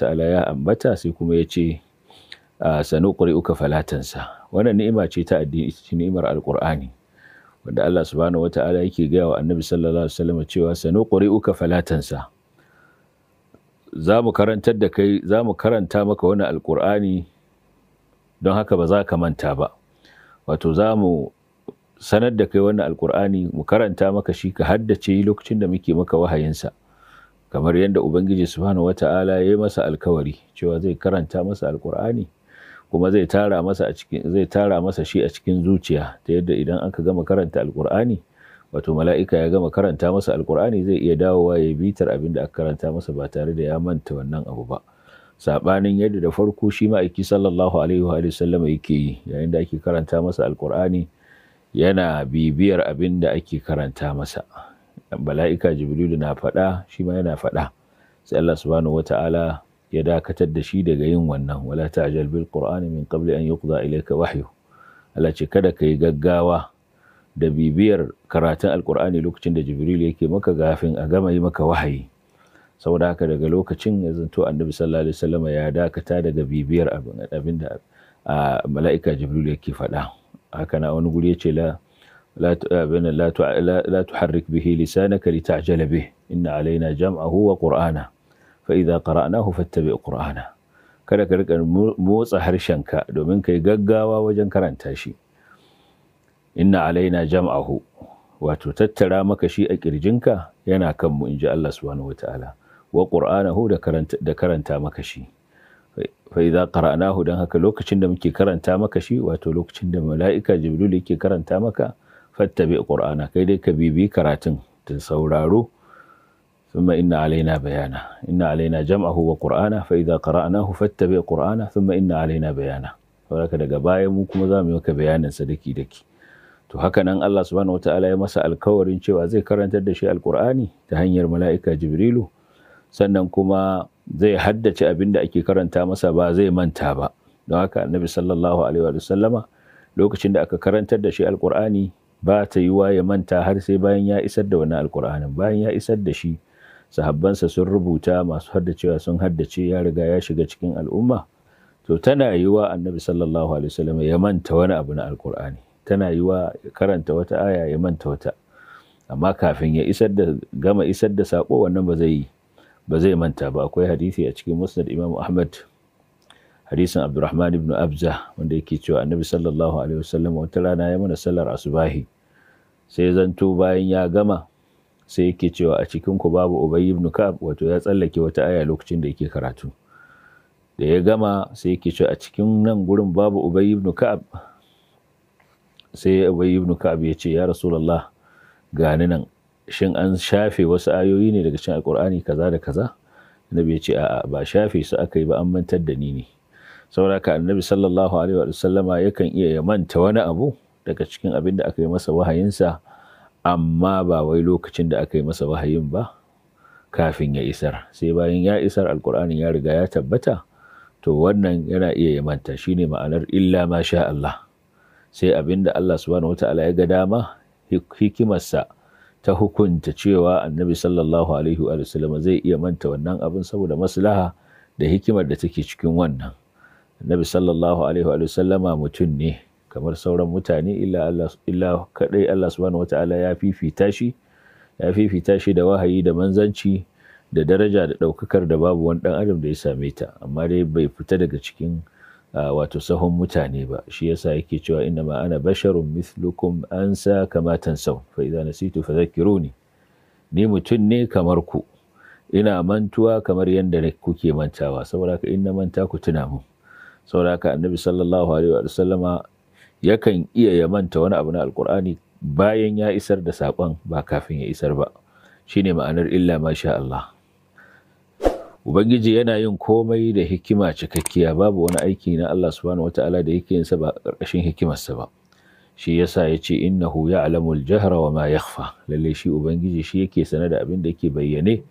ta'ala ya ambata sai kuma ya ce sanuqri uka falatansa wannan ni'ima ce ta addini ita ce ni'imar alqur'ani wanda Allah subhanahu wata'ala yake gaya wa annabi sallallahu alaihi wasallam cewa sanuqri uka falatansa za mu karantar da kai za mu karanta maka wani alƙur'ani don haka ba za ka manta ba wato za mu sanar da kai wannan alƙur'ani mu karanta maka shi ka haddace lokacin da muke maka wahayinsa kamar yadda ubangiji subhanahu wata'ala ya yi masa alkawari cewa zai karanta masa alkur'ani kuma zai tara masa a cikin zai tara masa shi a cikin zuciya ta yadda idan aka gama karanta alkur'ani wato mala'ika ya gama karanta masa alkur'ani zai iya dawowa ya bitar abin da aka karanta masa ba tare da ya manta wannan abu ba sabanin yadda da farko shi ma'aiki sallallahu alaihi wa sallama yake yi yayin da ake karanta masa alkur'ani yana bibiyar abin da ake karanta masa bala'ika jibrilu na faɗa shi ma yana faɗa sai Allah subhanahu wata'ala ya dakatar da shi daga yin wannan wala ta'jal bil qur'ani min qabli an yuqda ilayka wahyu Allah ce kada kai gaggawa da bibiyar karatun alqur'ani lokacin da jibril yake maka gafin a gama yi maka wahayi saboda haka daga lokacin ya zanto annabi sallallahu alaihi wasallam ya dakata daga bibiyar abin abinda mala'ika jibril yake faɗa haka na wani guri ya ce la لا تحرك به لسانك لتعجل به إن علينا جمعه وقرآنه فإذا قرأناه فاتبع قرآنه kada ka rika motsa harshenka domin kai gaggawa wajen karanta shi inna alaina jam'ahu wato tattara maka shi a kirjinka yana kanmu inji Allah subhanahu wataala wa qur'anahu da karanta maka shi fa idza qara'nahu dan haka lokacin da muke karanta maka shi wato lokacin da mala'ika jibril yake karanta maka fattabi qur'ana kai dai ka bibi karatun da sauraro thumma inna alaina bayana inna alaina jam'ahu wa qur'ana fa idza qara'nahu fattabi qur'ana thumma inna alaina bayana saboda daga baya mu kuma za mu yi maka bayanin sadaki daki to haka nan Allah subhanahu wataala ya masa alkawarin cewa zai karantar da shi alqur'ani ta hanyar mala'ika jibrilu sannan kuma zai haddace abin da ake karanta masa ba zai manta ba don haka annabi sallallahu alaihi wa sallama lokacin da aka karantar da shi alqur'ani ba ta yiwa ya manta har sai bayan ya isar da wani alkur'anin bayan ya isar da shi sahabbansa sun rubuta masu haddacewa sun haddace ya riga ya shiga cikin al'umma to tana yiwa annabi sallallahu alaihi wasallam ya manta wani abu na alkur'ani tana yiwa karanta wata aya ya manta wata amma kafin ya isar da gama isar da sako wannan ba zai ba zai manta ba akwai hadisi a cikin musnad imam ahmad hadisin abdurrahman ibn abza wanda yake cewa annabi sallallahu alaihi wasallam wata rana ya mana sallar asubahi sai zanto bayan ya gama sai yake cewa a cikin ku babu ubay ibn kab wato ya tsallake wata aya lokacin da yake karatu da ya gama sai yake cewa a cikin nan gurin babu ubay ibn kab sai ubay ibn kab ya ce ya rasulullah gani nan shin an shafe wasu ayoyi ne daga cikin alkur'ani kaza da kaza nabi ya ce a'a ba shafe su aka yi ba an mantar da ni ne sauraka annabi sallallahu alaihi wa sallama yakan iya ya manta wani abu daga cikin abin da aka yi masa wahayinsa amma ba wai lokacin da aka yi masa wahayin ba kafin ya isar sai bayan ya isar alkur'anin ya riga ya tabbata to wannan yana iya ya manta shine ma'anar illa ma sha Allah sai abin da Allah subhanahu wataala ya ga dama hikimarsa ta hukunta cewa annabi sallallahu alaihi wa sallama zai iya manta wannan abin saboda maslaha da hikimar da take cikin wannan Nabi sallallahu alaihi wa sallama mutum ne kamar sauran mutane illa Allah illa kadai Allah subhanahu wataala ya fifita shi ya fifita shi da wahayi da manzanci da daraja da daukakar da babu wani dan adam da ya same ta amma dai bai fita daga cikin ah, wato sahun mutane ba shi yasa yake cewa inna ma ana basharun mithlukum ansa kama tansaw fa idza nasitu fadhakkiruni ni mutum ne kamar ku ina mantuwa kamar yadda kuke mantawa saboda haka in na manta ku tuna mu saboda haka annabi sallallahu alaihi wa sallama yakan iya ya manta wani abu na alkur'ani bayan ya isar da saƙon ba kafin ya isar ba shine ma'anar illa masha Allah ubangiji yana yin komai da hikima cikakkiya babu wani aiki na Allah subhanahu wata'ala da yake yin sa ba ƙarƙashin hikimarsa ba shi yasa ya ce innahu ya'lamul jahra wa ma yakhfa lalle shi ubangiji shi yake sanar da abin da yake bayyane